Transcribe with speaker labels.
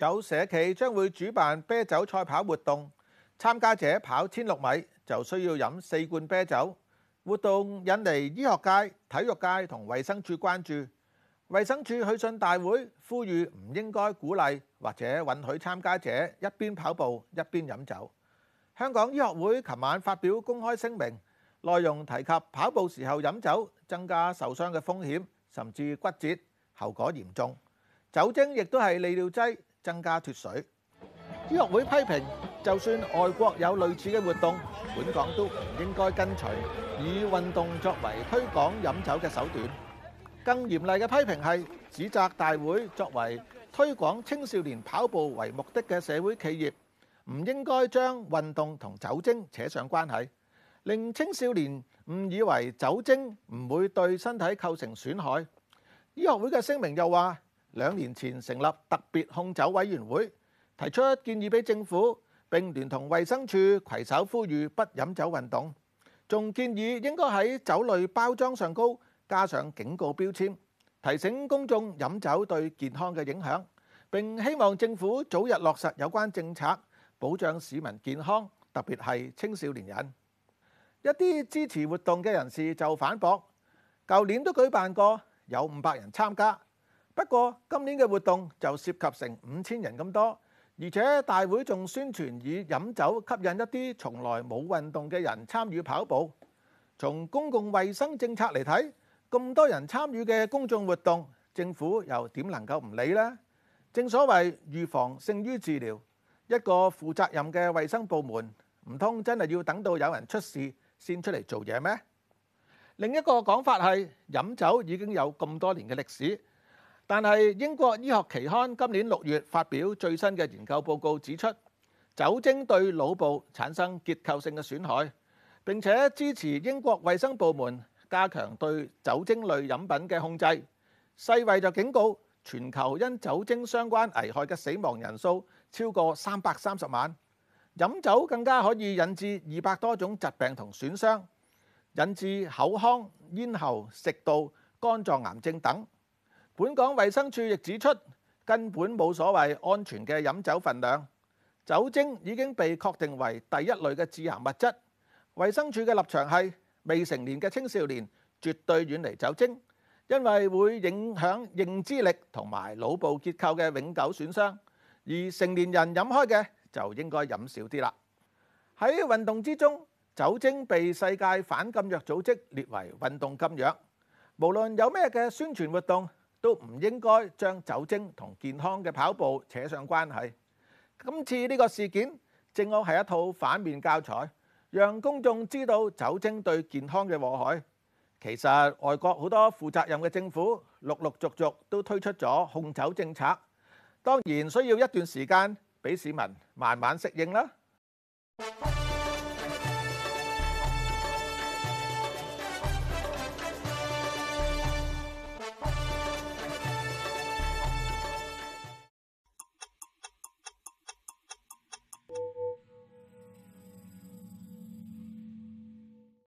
Speaker 1: 有社企將會主辦啤酒賽跑活動，參加者跑千六米就需要飲四罐啤酒。活動引嚟醫學界、體育界同衛生署關注。衛生署去信大會，呼籲唔應該鼓勵或者允許參加者一邊跑步一邊飲酒。香港醫學會琴晚發表公開聲明，內容提及跑步時候飲酒增加受傷嘅風險，甚至骨折，後果嚴重。酒精亦都係利尿劑。增加脫水，醫學會批評，就算外國有類似嘅活動，本港都唔應該跟隨，以運動作為推廣飲酒嘅手段。更嚴厲嘅批評係指責大會作為推廣青少年跑步為目的嘅社會企業，唔應該將運動同酒精扯上關係，令青少年誤以為酒精唔會對身體構成損害。醫學會嘅聲明又話：兩年前成立特別控酒委員會，提出建議俾政府，並聯同衛生署攜手呼籲不飲酒運動，仲建議應該喺酒類包裝上高加上警告標籤，提醒公眾飲酒對健康嘅影響。並希望政府早日落實有關政策，保障市民健康，特別係青少年人。一啲支持活動嘅人士就反駁：「舊年都舉辦過，有五百人參加。」不過今年嘅活動就涉及成五千人咁多，而且大會仲宣傳以飲酒吸引一啲從來冇運動嘅人參與跑步。從公共衛生政策嚟睇，咁多人參與嘅公眾活動，政府又點能夠唔理呢？正所謂預防勝於治療，一個負責任嘅衛生部門唔通真係要等到有人出事先出嚟做嘢咩？另一個講法係飲酒已經有咁多年嘅歷史。但係英國醫學期刊今年六月發表最新嘅研究報告指出，酒精對腦部產生結構性嘅損害，並且支持英國衛生部門加強對酒精類飲品嘅控制。世衛就警告，全球因酒精相關危害嘅死亡人數超過三百三十萬，飲酒更加可以引致二百多種疾病同損傷，引致口腔、咽喉、食道、肝臟癌症等。本港衛生署亦指出，根本冇所謂安全嘅飲酒分量。酒精已經被確定為第一類嘅致癌物質。衛生署嘅立場係：未成年嘅青少年絕對遠離酒精，因為會影響認知力同埋腦部結構嘅永久損傷。而成年人飲開嘅就應該飲少啲啦。喺運動之中，酒精被世界反禁藥組織列為運動禁藥。無論有咩嘅宣傳活動，都唔應該將酒精同健康嘅跑步扯上關係。今次呢個事件正好係一套反面教材，讓公眾知道酒精對健康嘅禍害。其實外國好多負責任嘅政府陸陸續續都推出咗控酒政策，當然需要一段時間畀市民慢慢適應啦。